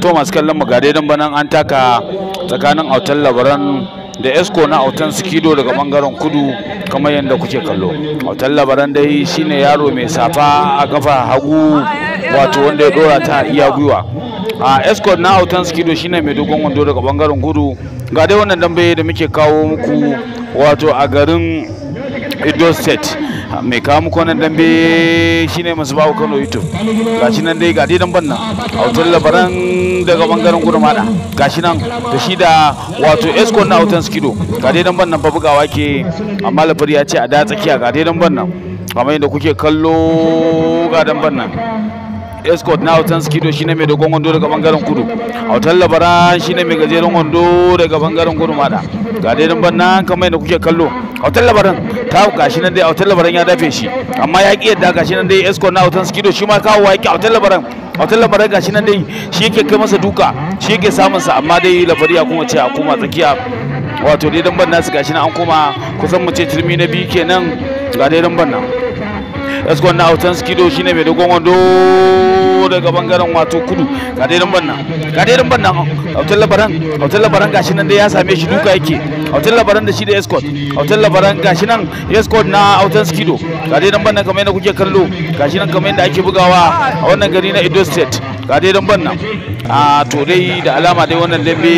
to masu kallon mu gare don banan an taka tsakanin autan labaran da esco na autan sikido daga bangaren kudu kamar yadda kuke kallo autan labaran dai shine yaro mai safa a kafa hagu wato wanda ya dora ta iya gwiwa a esco na autan sikido shine mai dogon wando daga bangaren kudu ga dai wannan dambe da muke kawo muku wato a garin Edo State mai kamu muku dambe shine masu bawo Kano YouTube gashi nan dai ga dai dan banna autar labaran daga bangaren gurmada gashi nan da shi da wato Esco na autan Skido ga dai dan banna fa bugawa ke amma lafari ya ce a da tsakiya ga dai dan banna kamar yadda kuke kallo ga dan banna escort na autan skido shine mai dogon wando daga bangaren kudu autan labara shine mai gajeren wando daga bangaren kudu mada ga dai nan banna kamar yadda kuke kallo autan labaran ta gashi nan dai autan labaran ya dafe shi amma ya ki yadda gashi nan dai escort na autan skido shi ma kawo ya ki autan labaran autan labaran gashi nan dai shi yake kai masa duka shi yake samun sa amma dai labari ya kuma ce a koma tsakiya wato dai dan banna su gashi nan an koma kusan mu ce turmi na biyu kenan ga dai dan banna escon na hautan skido shine mai dogon wando daga bangaren wato kudu ga dai lambar nan ga dai lambar nan hautan labaran hautan labaran gashi nan dai ya same shi duka yake hotel labaran da shi da escort hotel labaran gashi nan escort na hautan skido ga dai lambar nan kamar yadda kuke kallo gashi nan kamar yadda ake bugawa a wannan gari na Edo State ga dai lambar nan a to dai da alama dai wannan dambe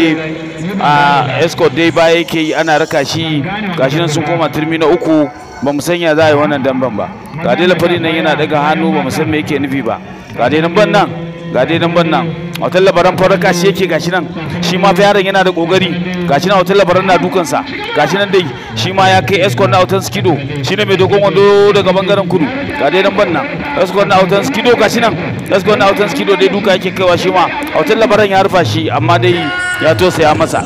a escort dai baya yake yi ana raka shi gashi nan sun koma turmi na uku ba mu sanya za a yi wannan damban ba ga dai lafari nan yana daga hannu ba mu san me yake nufi ba ga dai nan ban nan ga dai nan ban nan hotel labaran faraka shi yake gashi nan shi ma fa yaron yana da kokari gashi nan hotel labaran na dukan sa gashi nan dai shi ma ya kai escort na hotel skido shi ne mai dogon wando daga bangaren kudu ga dai nan ban nan escort na hotel skido gashi nan escort na hotel skido dai duka yake kaiwa shi ma hotel labaran ya rufa shi amma dai ya ya masa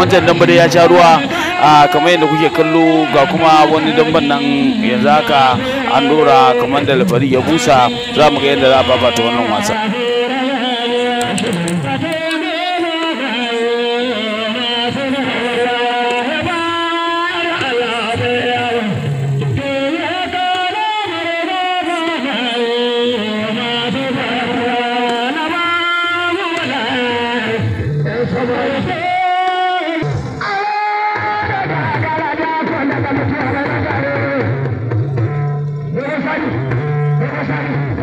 wancan dambare ya sha ruwa a ah, kamar yadda kuke kallo ga kuma wani damban nan yanzu haka an dora kamar da lafari ya busa za mu ga yadda za a babata wannan wasa Thank you.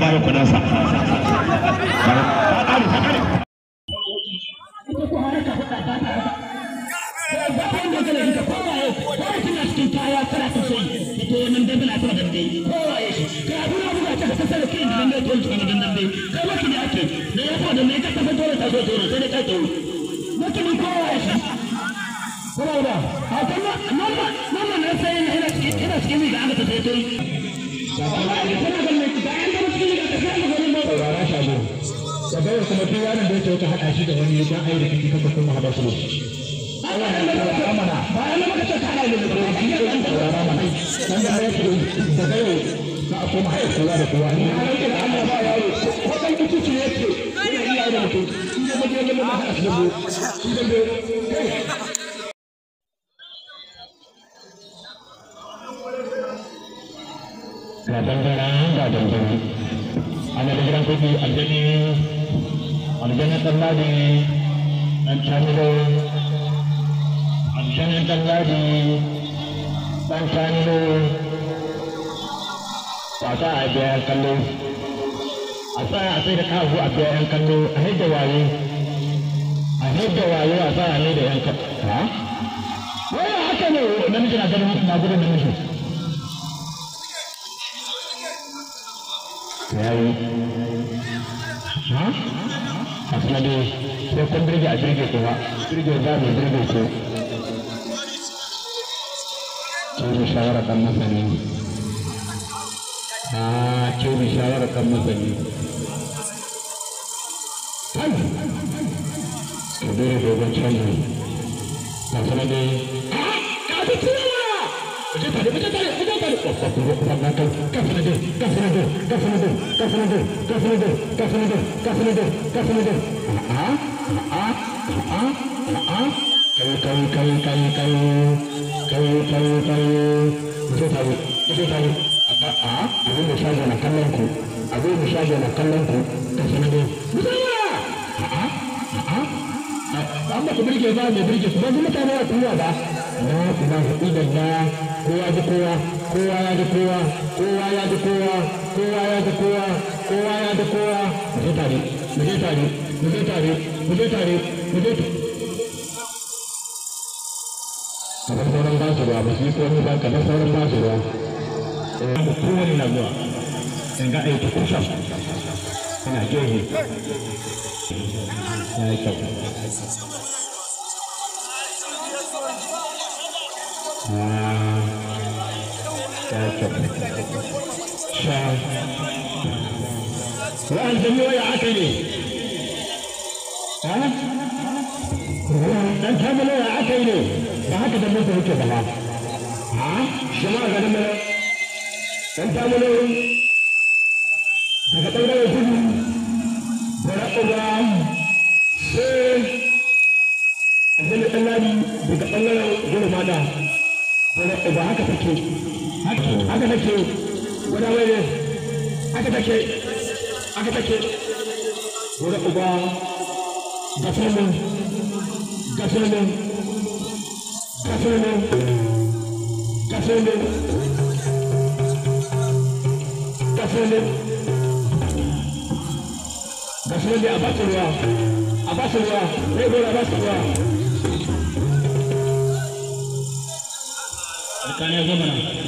ba ku nasa Mutum kowa ya a saurara shago daga yau kuma duk ranar da yake wata haɗa shi da wani ya dan aure kiki kaka kuma haɗa shi da kiki kaka saurara mana dan da yake daga yau a koma haɗa ne har yake da Allah ba yaro ko dan kiki ce yake yana iya Wadan gara ga dangane. Ana da gidan ɗan ɗan a biya kallo. A a sai da a biya kallo a wayo a wayo a ne da kallo. Wai haka ne namiji na ganin na gudun namiji. ya a suna dai sai kun birge a birge kuma birge za mu birge ko kebe shawara kan masani a ah, kebe shawara kan masani kan ka dole dogon canji a suna dai ka fi Defanı, bir defanı, bir defanı. Kafana dur, kafana dur, kafana dur, kafana dur, kafana dur, kafana dur, kafana dur, kafana dur, kafana dur. Aa, aa, aa, aa. Kayı, kayı, kayı, kayı, kayı. Kayı, kayı, kayı. Bize tabi, bize tabi. Aa, abin mesajı na kallon ku. Abin mesajı na kallon ku. Kafana dur. Bize ya! Aa, aa. Amma ku birge ba ne birge su ba zuma ta ba kuwa ba. la ilaha illallah kowa ji kowa kowa ya ji kowa kowa ya ji kowa ya ji kowa ya ji kowa mu je tare mu je tare mu je tare mu je tare mu na zuwa in ga aiki kusa ina gehe yi kyau والجميع يعتني ها؟ dan tamale ya aka yi ne ba haka da mota yake ba ha jama'a ga nan dan tamale daga bangaren kudu bara uba sai annabi dan daga bangaren gurmada ba haka take haka take gwada wele haka take haka take gwada uba gafelin gafelin gafelin gafelin gafelin gafelin a basu ruwa a basu ruwa rai gora basu ruwa tsakanin dan balange daga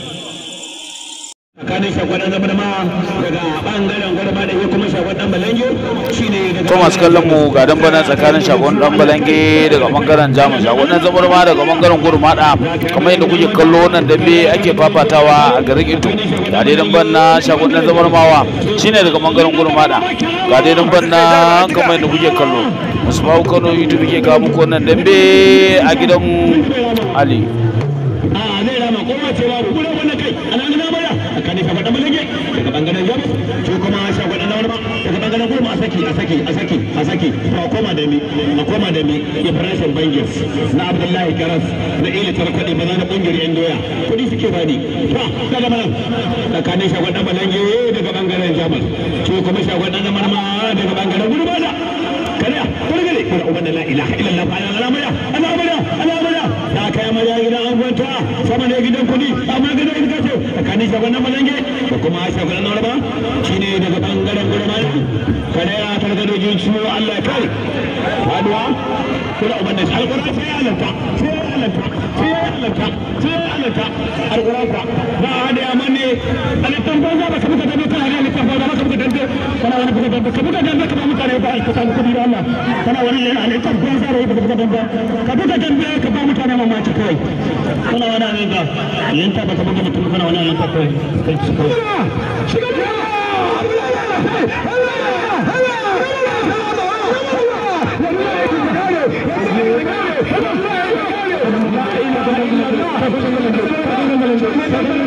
Thomas kallon mu ga dan bana tsakanin shagon dan balange daga bangaren jamus shagwadon zabarma daga bangaren gurmada kamar yadda kuke kallo wannan dambe ake fafatawa a garin Ito ga dai dan bana shagwadon zabarmawa shine daga bangaren gurmada ga dai dan bana kamar yadda kuke kallo Musubahu Kano YouTube ke kawo muku wannan dambe a gidan Ali. Ah, kowa babu kula wannan kai ana gina baya tsakanin ka faɗa mulage daga bangaren ko kuma sha na warma daga bangaren gurma a saki a saki a saki a saki a koma da mi a koma da mi na Abdullahi Karas na yan doya kuɗi suke daga jamus ko kuma sha na marma daga gurma da la ilaha illallah ala ala ala ta kai amarya gidan angonta sama ne gidan kudi amma gidan ita ce shagunan malange da kuma shagunan narba shine daga bangaren ya targa ciwo Allah faduwa kula uban da alƙur'ani sai alanta sai sai sai ba hada ya manne ba da mutane ne alittan banza ba kabuka kana wani ka ba mutane ba Allah kana wani ba ka ba mutane mamaki kawai kuna wani abin ba yanka ba ta buga mutum kana wani abin ba kawai kai kawai Thank you.